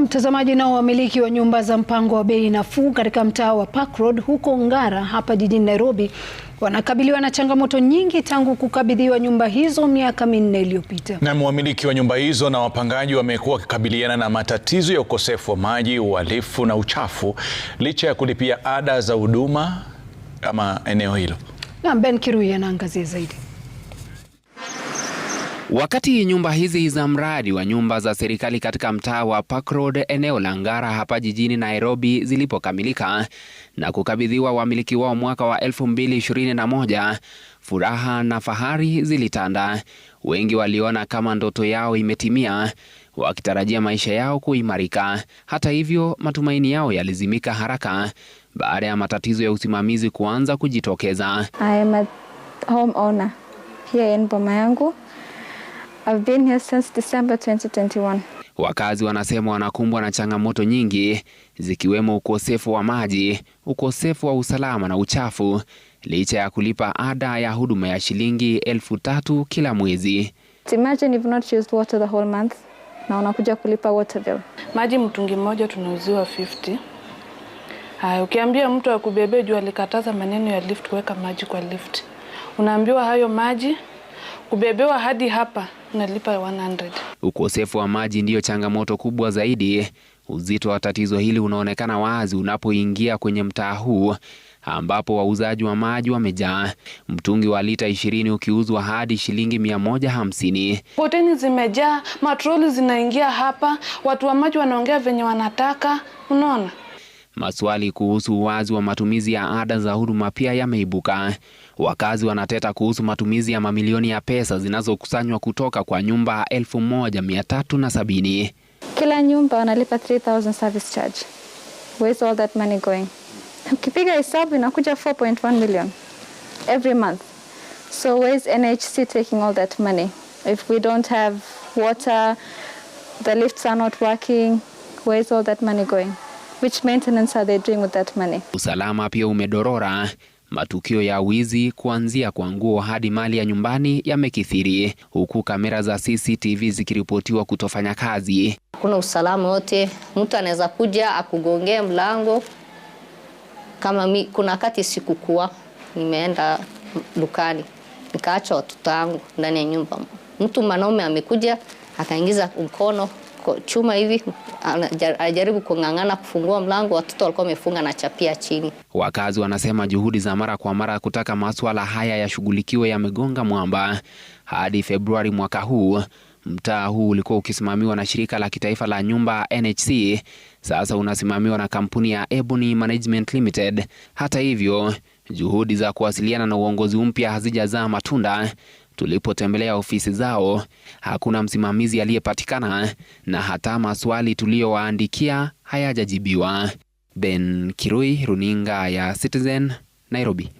Mtazamaji, nao wamiliki wa nyumba za mpango wa bei nafuu katika mtaa wa Park Road huko Ngara hapa jijini Nairobi wanakabiliwa na changamoto nyingi tangu kukabidhiwa nyumba hizo miaka minne iliyopita. Na wamiliki wa nyumba hizo na wapangaji wamekuwa wakikabiliana na matatizo ya ukosefu wa maji, uhalifu na uchafu licha ya kulipia ada za huduma kama eneo hilo. Na Ben Kirui anaangazia zaidi. Wakati nyumba hizi za mradi wa nyumba za serikali katika mtaa wa Park Road eneo la Ngara hapa jijini Nairobi zilipokamilika na kukabidhiwa wamiliki wao mwaka wa 2021, furaha na fahari zilitanda. Wengi waliona kama ndoto yao imetimia, wakitarajia maisha yao kuimarika. Hata hivyo, matumaini yao yalizimika haraka baada ya matatizo ya usimamizi kuanza kujitokeza. I am a homeowner. Here in boma yangu I've been here since December 2021. Wakazi wanasema wanakumbwa na changamoto nyingi zikiwemo ukosefu wa maji, ukosefu wa usalama na uchafu licha ya kulipa ada ya huduma ya shilingi elfu tatu kila mwezi. Imagine if not used water the whole month na unakuja kulipa water bill. Maji mtungi mmoja tunauziwa 50. Hai, ukiambia mtu akubebe juu alikataza maneno ya lift kuweka maji kwa lift. Unaambiwa hayo maji kubebewa hadi hapa tunalipa 100. Ukosefu wa maji ndiyo changamoto kubwa zaidi. Uzito wa tatizo hili unaonekana wazi unapoingia kwenye mtaa huu ambapo wauzaji wa maji wamejaa, mtungi wa lita ishirini ukiuzwa hadi shilingi mia moja hamsini. Poteni zimejaa, matroli zinaingia hapa, watu wa maji wanaongea venye wanataka, unaona. Maswali kuhusu uwazi wa matumizi ya ada za huduma pia yameibuka. Wakazi wanateta kuhusu matumizi ya mamilioni ya pesa zinazokusanywa kutoka kwa nyumba 1370. Kila nyumba wanalipa 3000 service charge. Where's all that money going? Ukipiga hesabu inakuja 4.1 million every month. So where's NHC taking all that money? If we don't have water, the lifts are not working, where's all that money going? Which maintenance are they doing with that money? Usalama pia umedorora. Matukio ya wizi kuanzia kwa nguo hadi mali ya nyumbani yamekithiri, huku kamera za CCTV zikiripotiwa kutofanya kazi. Hakuna usalama wote, mtu anaweza kuja akugongee mlango. Kama mi, kuna wakati sikukuwa nimeenda dukani nikaacha watoto wangu ndani ya nyumba, mtu mwanaume amekuja akaingiza mkono chuma hivi, anajaribu kung'ang'ana kufungua mlango, watoto walikuwa wamefunga na chapia chini. Wakazi wanasema juhudi za mara kwa mara kutaka masuala haya yashughulikiwe yamegonga mwamba. Hadi Februari mwaka huu mtaa huu ulikuwa ukisimamiwa na shirika la kitaifa la nyumba NHC, sasa unasimamiwa na kampuni ya Ebony Management Limited. Hata hivyo, juhudi za kuwasiliana na uongozi mpya hazijazaa matunda. Tulipotembelea ofisi zao, hakuna msimamizi aliyepatikana na hata maswali tuliyowaandikia hayajajibiwa. Ben Kirui, Runinga ya Citizen, Nairobi.